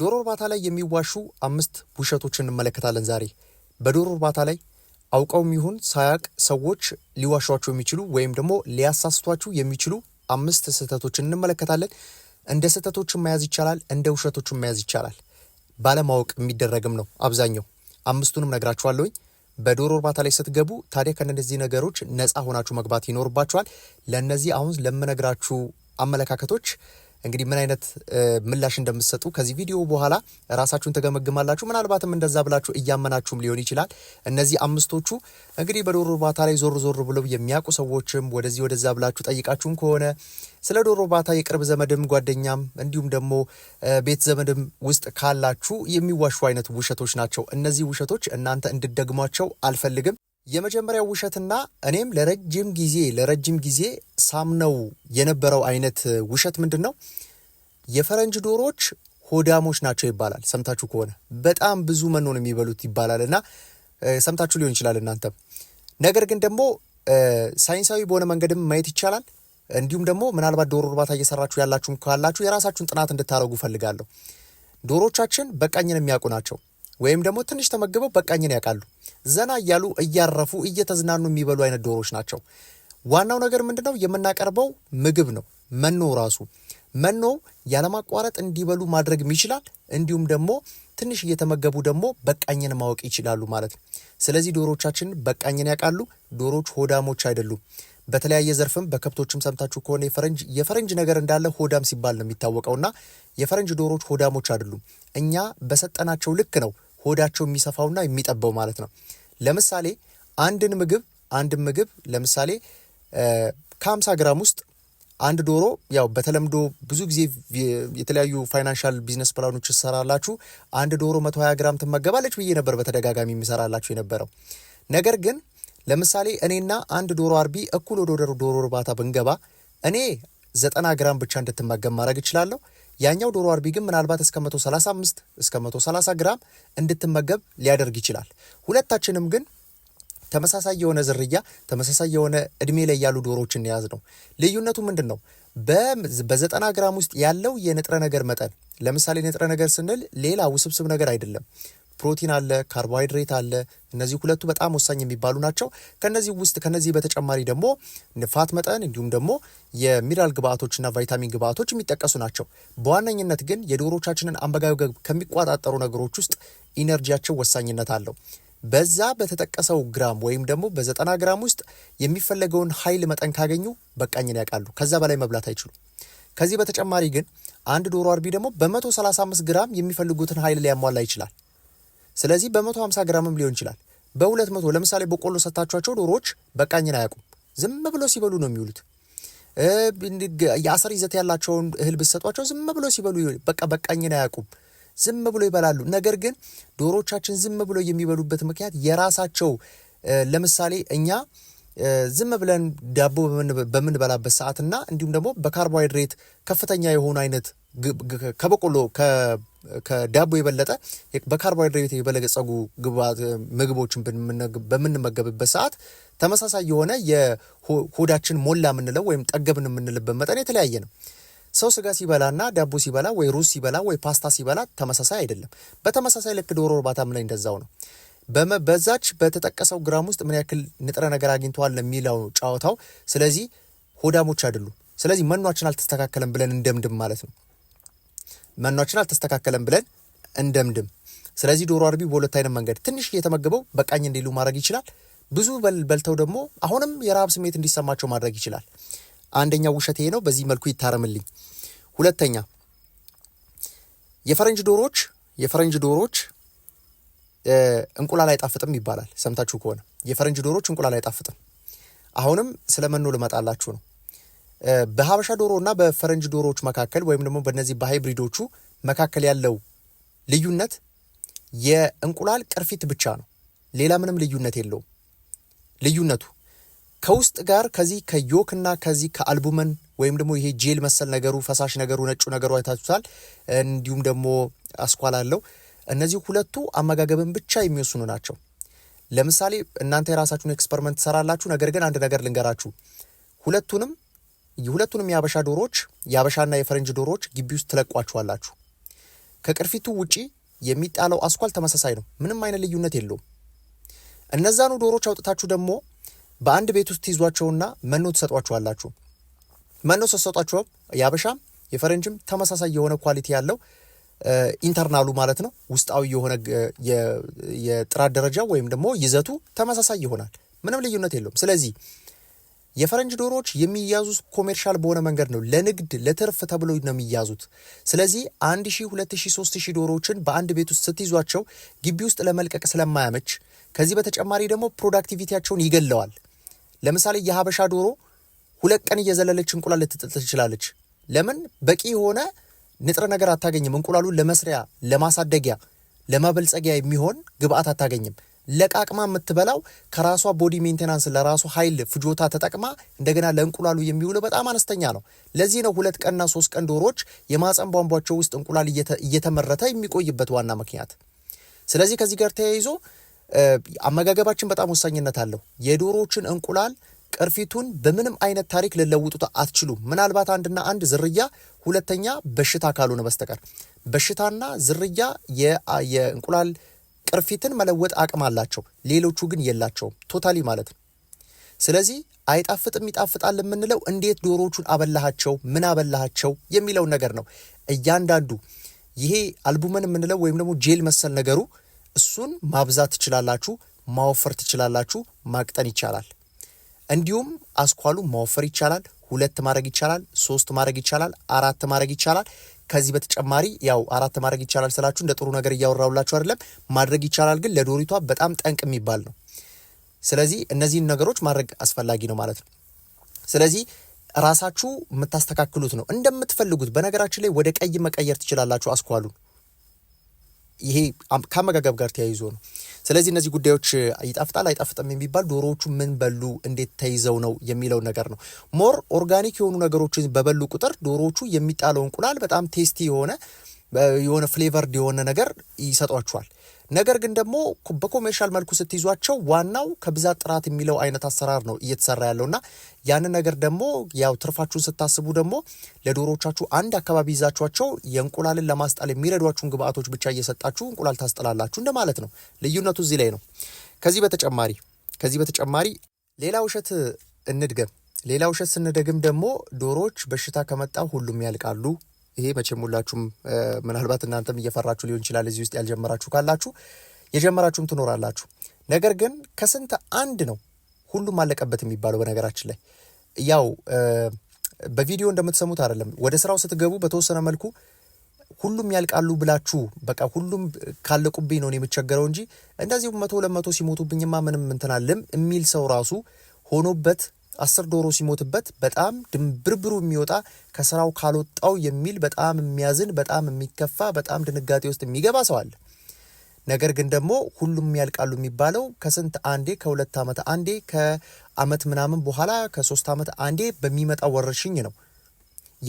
ዶሮ እርባታ ላይ የሚዋሹ አምስት ውሸቶችን እንመለከታለን ዛሬ። በዶሮ እርባታ ላይ አውቀውም ይሁን ሳያቅ ሰዎች ሊዋሿቸው የሚችሉ ወይም ደግሞ ሊያሳስቷችሁ የሚችሉ አምስት ስህተቶች እንመለከታለን። እንደ ስህተቶችን መያዝ ይቻላል፣ እንደ ውሸቶችን መያዝ ይቻላል። ባለማወቅ የሚደረግም ነው አብዛኛው። አምስቱንም ነግራችኋለሁኝ። በዶሮ እርባታ ላይ ስትገቡ ታዲያ ከነዚህ ነገሮች ነፃ ሆናችሁ መግባት ይኖርባችኋል። ለእነዚህ አሁን ለምነግራችሁ አመለካከቶች እንግዲህ ምን አይነት ምላሽ እንደምትሰጡ ከዚህ ቪዲዮ በኋላ ራሳችሁን ተገመግማላችሁ። ምናልባትም እንደዛ ብላችሁ እያመናችሁም ሊሆን ይችላል። እነዚህ አምስቶቹ እንግዲህ በዶሮ እርባታ ላይ ዞር ዞር ብለው የሚያውቁ ሰዎችም ወደዚህ ወደዛ ብላችሁ ጠይቃችሁም ከሆነ ስለ ዶሮ እርባታ የቅርብ ዘመድም ጓደኛም እንዲሁም ደግሞ ቤት ዘመድም ውስጥ ካላችሁ የሚዋሹ አይነት ውሸቶች ናቸው። እነዚህ ውሸቶች እናንተ እንድደግሟቸው አልፈልግም። የመጀመሪያው ውሸትና እኔም ለረጅም ጊዜ ለረጅም ጊዜ ሳምነው የነበረው አይነት ውሸት ምንድን ነው? የፈረንጅ ዶሮዎች ሆዳሞች ናቸው ይባላል። ሰምታችሁ ከሆነ በጣም ብዙ መኖ ነው የሚበሉት ይባላል እና ሰምታችሁ ሊሆን ይችላል እናንተም። ነገር ግን ደግሞ ሳይንሳዊ በሆነ መንገድም ማየት ይቻላል። እንዲሁም ደግሞ ምናልባት ዶሮ እርባታ እየሰራችሁ ያላችሁም ካላችሁ የራሳችሁን ጥናት እንድታደርጉ ፈልጋለሁ። ዶሮቻችን በቃኝን የሚያውቁ ናቸው፣ ወይም ደግሞ ትንሽ ተመግበው በቃኝን ያውቃሉ። ዘና እያሉ እያረፉ እየተዝናኑ የሚበሉ አይነት ዶሮዎች ናቸው። ዋናው ነገር ምንድን ነው? የምናቀርበው ምግብ ነው፣ መኖ ራሱ መኖ ያለማቋረጥ እንዲበሉ ማድረግም ይችላል። እንዲሁም ደግሞ ትንሽ እየተመገቡ ደግሞ በቃኝን ማወቅ ይችላሉ ማለት ነው። ስለዚህ ዶሮዎቻችን በቃኝን ያውቃሉ። ዶሮች ሆዳሞች አይደሉም። በተለያየ ዘርፍም በከብቶችም ሰምታችሁ ከሆነ የፈረንጅ የፈረንጅ ነገር እንዳለ ሆዳም ሲባል ነው የሚታወቀውና የፈረንጅ ዶሮች ሆዳሞች አይደሉም። እኛ በሰጠናቸው ልክ ነው ሆዳቸው የሚሰፋውና የሚጠበው ማለት ነው። ለምሳሌ አንድን ምግብ አንድን ምግብ ለምሳሌ ከ50 ግራም ውስጥ አንድ ዶሮ ያው በተለምዶ ብዙ ጊዜ የተለያዩ ፋይናንሻል ቢዝነስ ፕላኖች ይሰራላችሁ አንድ ዶሮ 120 ግራም ትመገባለች ብዬ ነበር በተደጋጋሚ የሚሰራላችሁ የነበረው። ነገር ግን ለምሳሌ እኔና አንድ ዶሮ አርቢ እኩል ወደ ዶሮ እርባታ ብንገባ እኔ 90 ግራም ብቻ እንድትመገብ ማድረግ እችላለሁ። ያኛው ዶሮ አርቢ ግን ምናልባት እስከ 135 እስከ 130 ግራም እንድትመገብ ሊያደርግ ይችላል። ሁለታችንም ግን ተመሳሳይ የሆነ ዝርያ ተመሳሳይ የሆነ እድሜ ላይ ያሉ ዶሮዎችን የያዝ ነው። ልዩነቱ ምንድን ነው? በዘጠና ግራም ውስጥ ያለው የንጥረ ነገር መጠን ለምሳሌ ንጥረ ነገር ስንል ሌላ ውስብስብ ነገር አይደለም። ፕሮቲን አለ፣ ካርቦሃይድሬት አለ። እነዚህ ሁለቱ በጣም ወሳኝ የሚባሉ ናቸው። ከነዚህ ውስጥ ከነዚህ በተጨማሪ ደግሞ ንፋት መጠን እንዲሁም ደግሞ የሚነራል ግብአቶችና ቫይታሚን ግብአቶች የሚጠቀሱ ናቸው። በዋነኝነት ግን የዶሮቻችንን አመጋገብ ከሚቆጣጠሩ ነገሮች ውስጥ ኢነርጂያቸው ወሳኝነት አለው። በዛ በተጠቀሰው ግራም ወይም ደግሞ በዘጠና ግራም ውስጥ የሚፈለገውን ኃይል መጠን ካገኙ በቃኝን ያውቃሉ። ከዛ በላይ መብላት አይችሉም። ከዚህ በተጨማሪ ግን አንድ ዶሮ አርቢ ደግሞ በ135 ግራም የሚፈልጉትን ኃይል ሊያሟላ ይችላል። ስለዚህ በ150 ግራምም ሊሆን ይችላል በ200 ለምሳሌ በቆሎ ሰታችኋቸው ዶሮዎች በቃኝን አያውቁም። ዝም ብሎ ሲበሉ ነው የሚውሉት። የአሰር ይዘት ያላቸውን እህል ብትሰጧቸው ዝም ብሎ ሲበሉ በቃ በቃኝን አያውቁም። ዝም ብሎ ይበላሉ። ነገር ግን ዶሮዎቻችን ዝም ብሎ የሚበሉበት ምክንያት የራሳቸው ለምሳሌ እኛ ዝም ብለን ዳቦ በምንበላበት ሰዓትና እንዲሁም ደግሞ በካርቦሃይድሬት ከፍተኛ የሆኑ አይነት ከበቆሎ ከዳቦ የበለጠ በካርቦሃይድሬት የበለጸጉ ግባት ምግቦችን በምንመገብበት ሰዓት ተመሳሳይ የሆነ የሆዳችን ሞላ የምንለው ወይም ጠገብን የምንልበት መጠን የተለያየ ነው። ሰው ስጋ ሲበላና ዳቦ ሲበላ ወይ ሩዝ ሲበላ ወይ ፓስታ ሲበላ ተመሳሳይ አይደለም። በተመሳሳይ ልክ ዶሮ እርባታም ላይ እንደዛው ነው። በዛች በተጠቀሰው ግራም ውስጥ ምን ያክል ንጥረ ነገር አግኝተዋል የሚለው ጨዋታው። ስለዚህ ሆዳሞች አይደሉም። ስለዚህ መኗችን አልተስተካከለም ብለን እንደምድም ማለት ነው። መኗችን አልተስተካከለም ብለን እንደምድም። ስለዚህ ዶሮ አርቢ በሁለት አይነት መንገድ ትንሽ እየተመግበው በቃኝ እንዲሉ ማድረግ ይችላል። ብዙ በልተው ደግሞ አሁንም የረሃብ ስሜት እንዲሰማቸው ማድረግ ይችላል። አንደኛ ውሸት ይሄ ነው፣ በዚህ መልኩ ይታረምልኝ። ሁለተኛ የፈረንጅ ዶሮዎች የፈረንጅ ዶሮዎች እንቁላል አይጣፍጥም ይባላል። ሰምታችሁ ከሆነ የፈረንጅ ዶሮዎች እንቁላል አይጣፍጥም። አሁንም ስለ መኖ ልመጣላችሁ ነው። በሀበሻ ዶሮ እና በፈረንጅ ዶሮዎች መካከል ወይም ደግሞ በእነዚህ በሃይብሪዶቹ መካከል ያለው ልዩነት የእንቁላል ቅርፊት ብቻ ነው። ሌላ ምንም ልዩነት የለውም። ልዩነቱ ከውስጥ ጋር ከዚህ ከዮክና ከዚህ ከአልቡመን ወይም ደግሞ ይሄ ጄል መሰል ነገሩ ፈሳሽ ነገሩ ነጩ ነገሩ አይታችሁታል። እንዲሁም ደግሞ አስኳል አለው። እነዚህ ሁለቱ አመጋገብን ብቻ የሚወስኑ ናቸው። ለምሳሌ እናንተ የራሳችሁን ኤክስፐሪመንት ትሰራላችሁ። ነገር ግን አንድ ነገር ልንገራችሁ ሁለቱንም ሁለቱንም የአበሻ ዶሮዎች የአበሻና የፈረንጅ ዶሮዎች ግቢ ውስጥ ትለቋችኋላችሁ። ከቅርፊቱ ውጪ የሚጣለው አስኳል ተመሳሳይ ነው። ምንም አይነት ልዩነት የለውም። እነዛኑ ዶሮዎች አውጥታችሁ ደግሞ በአንድ ቤት ውስጥ ትይዟቸውና መኖ ትሰጧችኋላችሁ። መኖ ስትሰጧቸው የአበሻም የፈረንጅም ተመሳሳይ የሆነ ኳሊቲ ያለው ኢንተርናሉ ማለት ነው ውስጣዊ የሆነ የጥራት ደረጃ ወይም ደግሞ ይዘቱ ተመሳሳይ ይሆናል። ምንም ልዩነት የለውም። ስለዚህ የፈረንጅ ዶሮዎች የሚያዙት ኮሜርሻል በሆነ መንገድ ነው። ለንግድ ለትርፍ ተብሎ ነው የሚያዙት። ስለዚህ አንድ ሺ ሁለት ሺ ሶስት ሺ ዶሮዎችን በአንድ ቤት ውስጥ ስትይዟቸው ግቢ ውስጥ ለመልቀቅ ስለማያመች፣ ከዚህ በተጨማሪ ደግሞ ፕሮዳክቲቪቲያቸውን ይገለዋል። ለምሳሌ የሀበሻ ዶሮ ሁለት ቀን እየዘለለች እንቁላል ልትጥል ትችላለች። ለምን? በቂ የሆነ ንጥረ ነገር አታገኝም። እንቁላሉን ለመስሪያ ለማሳደጊያ ለማበልጸጊያ የሚሆን ግብአት አታገኝም። ለቃቅማ የምትበላው ከራሷ ቦዲ ሜንቴናንስ ለራሱ ኃይል ፍጆታ ተጠቅማ እንደገና ለእንቁላሉ የሚውለው በጣም አነስተኛ ነው። ለዚህ ነው ሁለት ቀንና ሶስት ቀን ዶሮዎች የማፀን ቧንቧቸው ውስጥ እንቁላል እየተመረተ የሚቆይበት ዋና ምክንያት። ስለዚህ ከዚህ ጋር ተያይዞ አመጋገባችን በጣም ወሳኝነት አለው። የዶሮዎችን እንቁላል ቅርፊቱን በምንም አይነት ታሪክ ልለውጡት አትችሉም። ምናልባት አንድና አንድ ዝርያ፣ ሁለተኛ በሽታ ካልሆነ በስተቀር በሽታና ዝርያ የእንቁላል ቅርፊትን መለወጥ አቅም አላቸው፣ ሌሎቹ ግን የላቸውም። ቶታሊ ማለት ነው። ስለዚህ አይጣፍጥም ይጣፍጣል የምንለው እንዴት ዶሮቹን አበላሃቸው፣ ምን አበላሃቸው የሚለው ነገር ነው። እያንዳንዱ ይሄ አልቡመን የምንለው ወይም ደግሞ ጄል መሰል ነገሩ እሱን ማብዛት ትችላላችሁ፣ ማወፈር ትችላላችሁ፣ ማቅጠን ይቻላል። እንዲሁም አስኳሉ ማወፈር ይቻላል፣ ሁለት ማድረግ ይቻላል፣ ሶስት ማድረግ ይቻላል፣ አራት ማድረግ ይቻላል። ከዚህ በተጨማሪ ያው አራት ማድረግ ይቻላል ስላችሁ እንደ ጥሩ ነገር እያወራውላችሁ አይደለም። ማድረግ ይቻላል ግን ለዶሪቷ በጣም ጠንቅ የሚባል ነው። ስለዚህ እነዚህን ነገሮች ማድረግ አስፈላጊ ነው ማለት ነው። ስለዚህ ራሳችሁ የምታስተካክሉት ነው እንደምትፈልጉት። በነገራችን ላይ ወደ ቀይ መቀየር ትችላላችሁ አስኳሉን ይሄ ከአመጋገብ ጋር ተያይዞ ነው። ስለዚህ እነዚህ ጉዳዮች ይጣፍጣል አይጣፍጥም የሚባል ዶሮዎቹ ምን በሉ፣ እንዴት ተይዘው ነው የሚለው ነገር ነው። ሞር ኦርጋኒክ የሆኑ ነገሮችን በበሉ ቁጥር ዶሮዎቹ የሚጣለው እንቁላል በጣም ቴስቲ የሆነ የሆነ ፍሌቨርድ የሆነ ነገር ይሰጧቸዋል። ነገር ግን ደግሞ በኮሜርሻል መልኩ ስትይዟቸው ዋናው ከብዛት ጥራት የሚለው አይነት አሰራር ነው እየተሰራ ያለው እና ያንን ነገር ደግሞ ያው ትርፋችሁን ስታስቡ ደግሞ ለዶሮቻችሁ አንድ አካባቢ ይዛችኋቸው የእንቁላልን ለማስጣል የሚረዷችሁን ግብአቶች ብቻ እየሰጣችሁ እንቁላል ታስጥላላችሁ እንደማለት ነው። ልዩነቱ እዚህ ላይ ነው። ከዚህ በተጨማሪ ከዚህ በተጨማሪ ሌላ ውሸት እንድገም። ሌላ ውሸት ስንደግም ደግሞ ዶሮዎች በሽታ ከመጣ ሁሉም ያልቃሉ ይሄ መቼም ሁላችሁም ምናልባት እናንተም እየፈራችሁ ሊሆን ይችላል እዚህ ውስጥ ያልጀመራችሁ ካላችሁ የጀመራችሁም ትኖራላችሁ። ነገር ግን ከስንት አንድ ነው ሁሉም አለቀበት የሚባለው። በነገራችን ላይ ያው በቪዲዮ እንደምትሰሙት አይደለም። ወደ ስራው ስትገቡ በተወሰነ መልኩ ሁሉም ያልቃሉ ብላችሁ በቃ ሁሉም ካለቁብኝ ነው የምቸገረው እንጂ እንደዚሁ መቶ ለመቶ ሲሞቱብኝማ ምንም እንትናለም የሚል ሰው ራሱ ሆኖበት አስር ዶሮ ሲሞትበት በጣም ድንብርብሩ የሚወጣ ከስራው ካልወጣው የሚል በጣም የሚያዝን በጣም የሚከፋ በጣም ድንጋጤ ውስጥ የሚገባ ሰው አለ። ነገር ግን ደግሞ ሁሉም ያልቃሉ የሚባለው ከስንት አንዴ ከሁለት ዓመት አንዴ ከአመት ምናምን በኋላ ከሶስት ዓመት አንዴ በሚመጣ ወረርሽኝ ነው።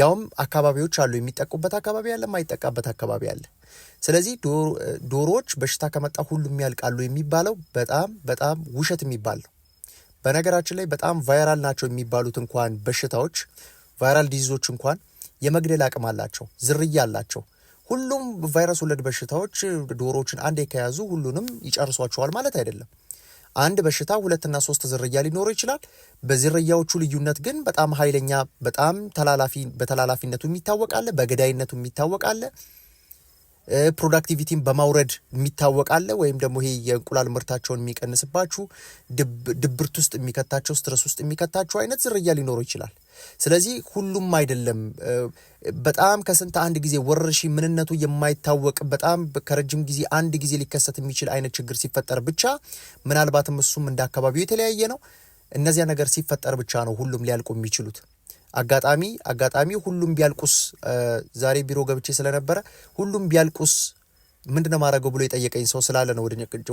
ያውም አካባቢዎች አሉ፣ የሚጠቁበት አካባቢ አለ፣ የማይጠቃበት አካባቢ አለ። ስለዚህ ዶሮዎች በሽታ ከመጣ ሁሉም ያልቃሉ የሚባለው በጣም በጣም ውሸት የሚባል ነው። በነገራችን ላይ በጣም ቫይራል ናቸው የሚባሉት እንኳን በሽታዎች ቫይራል ዲዚዞች እንኳን የመግደል አቅም አላቸው፣ ዝርያ አላቸው። ሁሉም ቫይረስ ወለድ በሽታዎች ዶሮዎችን አንድ ከያዙ ሁሉንም ይጨርሷቸዋል ማለት አይደለም። አንድ በሽታ ሁለትና ሶስት ዝርያ ሊኖረው ይችላል። በዝርያዎቹ ልዩነት ግን በጣም ኃይለኛ በጣም ተላላፊ በተላላፊነቱ የሚታወቃለ፣ በገዳይነቱ የሚታወቃለ ፕሮዳክቲቪቲን በማውረድ የሚታወቃለ ወይም ደግሞ ይሄ የእንቁላል ምርታቸውን የሚቀንስባችሁ ድብርት ውስጥ የሚከታቸው ስትረስ ውስጥ የሚከታቸው አይነት ዝርያ ሊኖረው ይችላል። ስለዚህ ሁሉም አይደለም። በጣም ከስንት አንድ ጊዜ ወረርሽኝ ምንነቱ የማይታወቅ በጣም ከረጅም ጊዜ አንድ ጊዜ ሊከሰት የሚችል አይነት ችግር ሲፈጠር ብቻ ምናልባትም እሱም እንደ አካባቢው የተለያየ ነው። እነዚያ ነገር ሲፈጠር ብቻ ነው ሁሉም ሊያልቁ የሚችሉት። አጋጣሚ አጋጣሚ ሁሉም ቢያልቁስ ዛሬ ቢሮ ገብቼ ስለነበረ ሁሉም ቢያልቁስ ምንድነው ማድረገው ብሎ የጠየቀኝ ሰው ስላለ ነው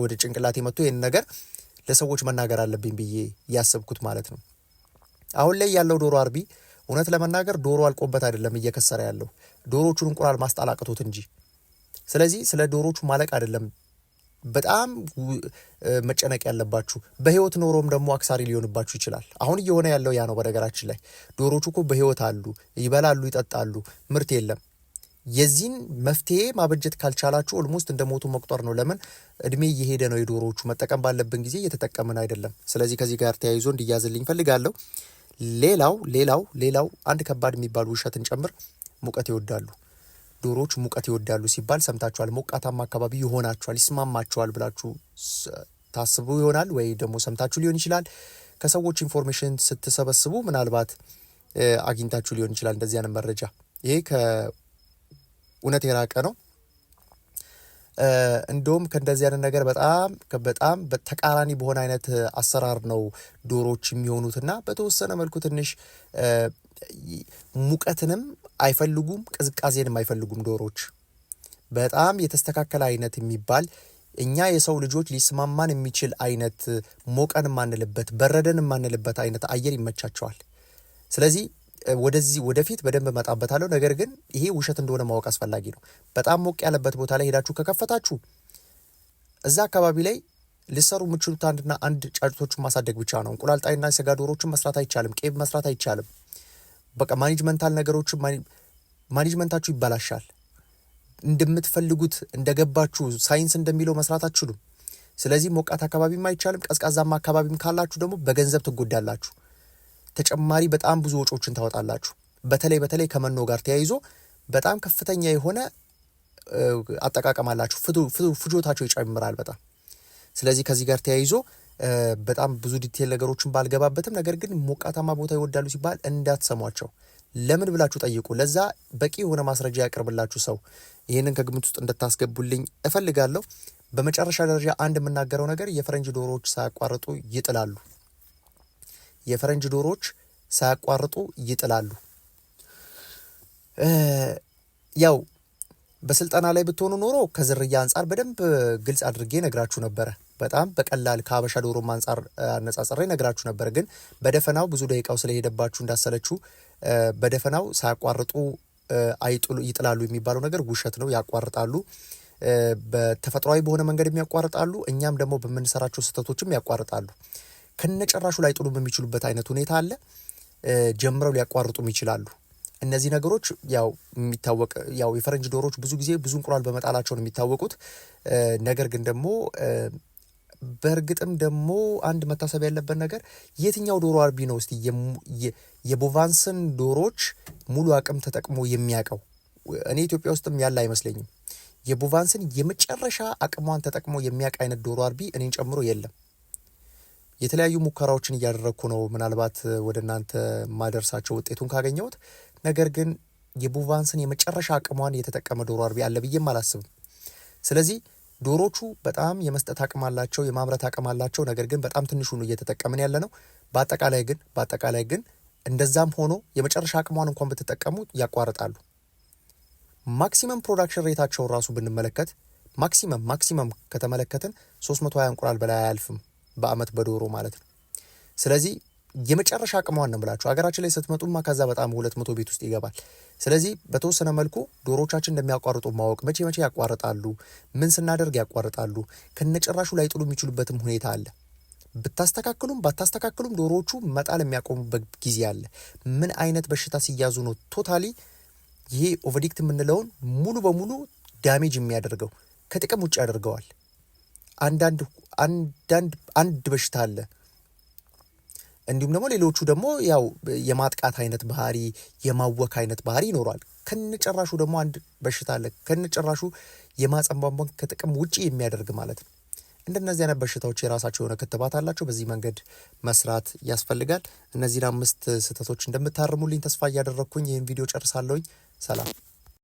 ወደ ጭንቅላት መጥቶ ይህን ነገር ለሰዎች መናገር አለብኝ ብዬ ያሰብኩት ማለት ነው። አሁን ላይ ያለው ዶሮ አርቢ እውነት ለመናገር ዶሮ አልቆበት አይደለም እየከሰረ ያለው ዶሮቹን እንቁላል ማስጣል አቅቶት እንጂ። ስለዚህ ስለ ዶሮቹ ማለቅ አይደለም በጣም መጨነቅ ያለባችሁ በህይወት ኖሮም ደግሞ አክሳሪ ሊሆንባችሁ ይችላል። አሁን እየሆነ ያለው ያ ነው። በነገራችን ላይ ዶሮቹ እኮ በህይወት አሉ፣ ይበላሉ፣ ይጠጣሉ፣ ምርት የለም። የዚህን መፍትሄ ማበጀት ካልቻላችሁ ኦልሞስት እንደ ሞቱ መቁጠር ነው። ለምን እድሜ እየሄደ ነው የዶሮዎቹ። መጠቀም ባለብን ጊዜ እየተጠቀምን አይደለም። ስለዚህ ከዚህ ጋር ተያይዞ እንዲያዝልኝ ፈልጋለሁ። ሌላው ሌላው ሌላው አንድ ከባድ የሚባሉ ውሸትን ጨምር ሙቀት ይወዳሉ። ዶሮዎች ሙቀት ይወዳሉ ሲባል ሰምታችኋል። ሞቃታማ አካባቢ ይሆናችኋል፣ ይስማማችኋል ብላችሁ ታስቡ ይሆናል ወይ ደግሞ ሰምታችሁ ሊሆን ይችላል። ከሰዎች ኢንፎርሜሽን ስትሰበስቡ ምናልባት አግኝታችሁ ሊሆን ይችላል እንደዚህ አይነት መረጃ። ይሄ ከእውነት የራቀ ነው። እንዲሁም ከእንደዚህ አይነት ነገር በጣም በጣም ተቃራኒ በሆነ አይነት አሰራር ነው ዶሮዎች የሚሆኑትና በተወሰነ መልኩ ትንሽ ሙቀትንም አይፈልጉም፣ ቅዝቃዜንም አይፈልጉም ዶሮዎች። በጣም የተስተካከለ አይነት የሚባል እኛ የሰው ልጆች ሊስማማን የሚችል አይነት ሞቀን የማንልበት በረደን የማንልበት አይነት አየር ይመቻቸዋል። ስለዚህ ወደዚህ ወደፊት በደንብ እመጣበታለሁ። ነገር ግን ይሄ ውሸት እንደሆነ ማወቅ አስፈላጊ ነው። በጣም ሞቅ ያለበት ቦታ ላይ ሄዳችሁ ከከፈታችሁ እዛ አካባቢ ላይ ልሰሩ የምችሉት አንድና አንድ ጫጭቶቹን ማሳደግ ብቻ ነው። እንቁላል ጣይና ስጋ ዶሮችን መስራት አይቻልም። ቄብ መስራት አይቻልም። በቃ ማኔጅመንታል ነገሮችን ማኔጅመንታችሁ ይበላሻል። እንደምትፈልጉት እንደገባችሁ ሳይንስ እንደሚለው መስራት አትችሉም። ስለዚህ ሞቃት አካባቢም አይቻልም፣ ቀዝቃዛማ አካባቢም ካላችሁ ደግሞ በገንዘብ ትጎዳላችሁ። ተጨማሪ በጣም ብዙ ወጪዎችን ታወጣላችሁ። በተለይ በተለይ ከመኖ ጋር ተያይዞ በጣም ከፍተኛ የሆነ አጠቃቀም ፍጆታቸው ይጨምራል በጣም ስለዚህ ከዚህ ጋር ተያይዞ በጣም ብዙ ዲቴል ነገሮችን ባልገባበትም፣ ነገር ግን ሞቃታማ ቦታ ይወዳሉ ሲባል እንዳትሰሟቸው። ለምን ብላችሁ ጠይቁ። ለዛ በቂ የሆነ ማስረጃ ያቀርብላችሁ ሰው። ይህንን ከግምት ውስጥ እንድታስገቡልኝ እፈልጋለሁ። በመጨረሻ ደረጃ አንድ የምናገረው ነገር የፈረንጅ ዶሮዎች ሳያቋርጡ ይጥላሉ። የፈረንጅ ዶሮዎች ሳያቋርጡ ይጥላሉ። ያው በስልጠና ላይ ብትሆኑ ኖሮ ከዝርያ አንጻር በደንብ ግልጽ አድርጌ ነግራችሁ ነበረ። በጣም በቀላል ከሀበሻ ዶሮም አንጻር አነጻጽሬ ነግራችሁ ነበር። ግን በደፈናው ብዙ ደቂቃው ስለሄደባችሁ እንዳሰለችሁ በደፈናው ሳያቋርጡ አይጥሉ ይጥላሉ የሚባለው ነገር ውሸት ነው። ያቋርጣሉ በተፈጥሯዊ በሆነ መንገድ ያቋርጣሉ። እኛም ደግሞ በምንሰራቸው ስህተቶችም ያቋርጣሉ። ከነጨራሹ ጥሉ የሚችሉበት አይነት ሁኔታ አለ። ጀምረው ሊያቋርጡም ይችላሉ። እነዚህ ነገሮች ያው የሚታወቅ ያው የፈረንጅ ዶሮዎች ብዙ ጊዜ ብዙ እንቁላል በመጣላቸው ነው የሚታወቁት። ነገር ግን ደግሞ በእርግጥም ደግሞ አንድ መታሰብ ያለበት ነገር የትኛው ዶሮ አርቢ ነው እስቲ የቦቫንስን ዶሮች ሙሉ አቅም ተጠቅሞ የሚያውቀው? እኔ ኢትዮጵያ ውስጥም ያለ አይመስለኝም። የቦቫንስን የመጨረሻ አቅሟን ተጠቅሞ የሚያውቅ አይነት ዶሮ አርቢ እኔን ጨምሮ የለም። የተለያዩ ሙከራዎችን እያደረግኩ ነው። ምናልባት ወደ እናንተ ማደርሳቸው ውጤቱን ካገኘሁት። ነገር ግን የቦቫንስን የመጨረሻ አቅሟን የተጠቀመ ዶሮ አርቢ አለ ብዬም አላስብም። ስለዚህ ዶሮቹ በጣም የመስጠት አቅም አላቸው፣ የማምረት አቅም አላቸው። ነገር ግን በጣም ነው እየተጠቀምን ያለ ነው። በአጠቃላይ ግን በአጠቃላይ ግን እንደዛም ሆኖ የመጨረሻ አቅሟን እንኳን ብትጠቀሙ ያቋርጣሉ። ማክሲመም ፕሮዳክሽን ሬታቸውን ራሱ ብንመለከት ማክሲመም ማክሲመም ከተመለከትን 320 እንቁላል በላይ አያልፍም በአመት በዶሮ ማለት ነው። ስለዚህ የመጨረሻ አቅመዋን ነው ብላችሁ ሀገራችን ላይ ስትመጡማ ከዛ በጣም ሁለት መቶ ቤት ውስጥ ይገባል። ስለዚህ በተወሰነ መልኩ ዶሮቻችን እንደሚያቋርጡ ማወቅ መቼ መቼ ያቋርጣሉ፣ ምን ስናደርግ ያቋርጣሉ፣ ከነጭራሹ ላይ ጥሉ የሚችሉበትም ሁኔታ አለ። ብታስተካክሉም ባታስተካክሉም ዶሮዎቹ መጣል የሚያቆሙበት ጊዜ አለ። ምን አይነት በሽታ ሲያዙ ነው ቶታሊ ይሄ ኦቨዲክት የምንለውን ሙሉ በሙሉ ዳሜጅ የሚያደርገው ከጥቅም ውጭ ያደርገዋል። አንዳንድ አንዳንድ አንድ በሽታ አለ እንዲሁም ደግሞ ሌሎቹ ደግሞ ያው የማጥቃት አይነት ባህሪ፣ የማወክ አይነት ባህሪ ይኖረዋል። ከነጨራሹ ደግሞ አንድ በሽታ አለ። ከነጨራሹ የማህፀን ቧንቧን ከጥቅም ውጪ የሚያደርግ ማለት ነው። እንደነዚህ አይነት በሽታዎች የራሳቸው የሆነ ክትባት አላቸው። በዚህ መንገድ መስራት ያስፈልጋል። እነዚህን አምስት ስህተቶች እንደምታርሙልኝ ተስፋ እያደረግኩኝ ይህን ቪዲዮ ጨርሳለሁኝ። ሰላም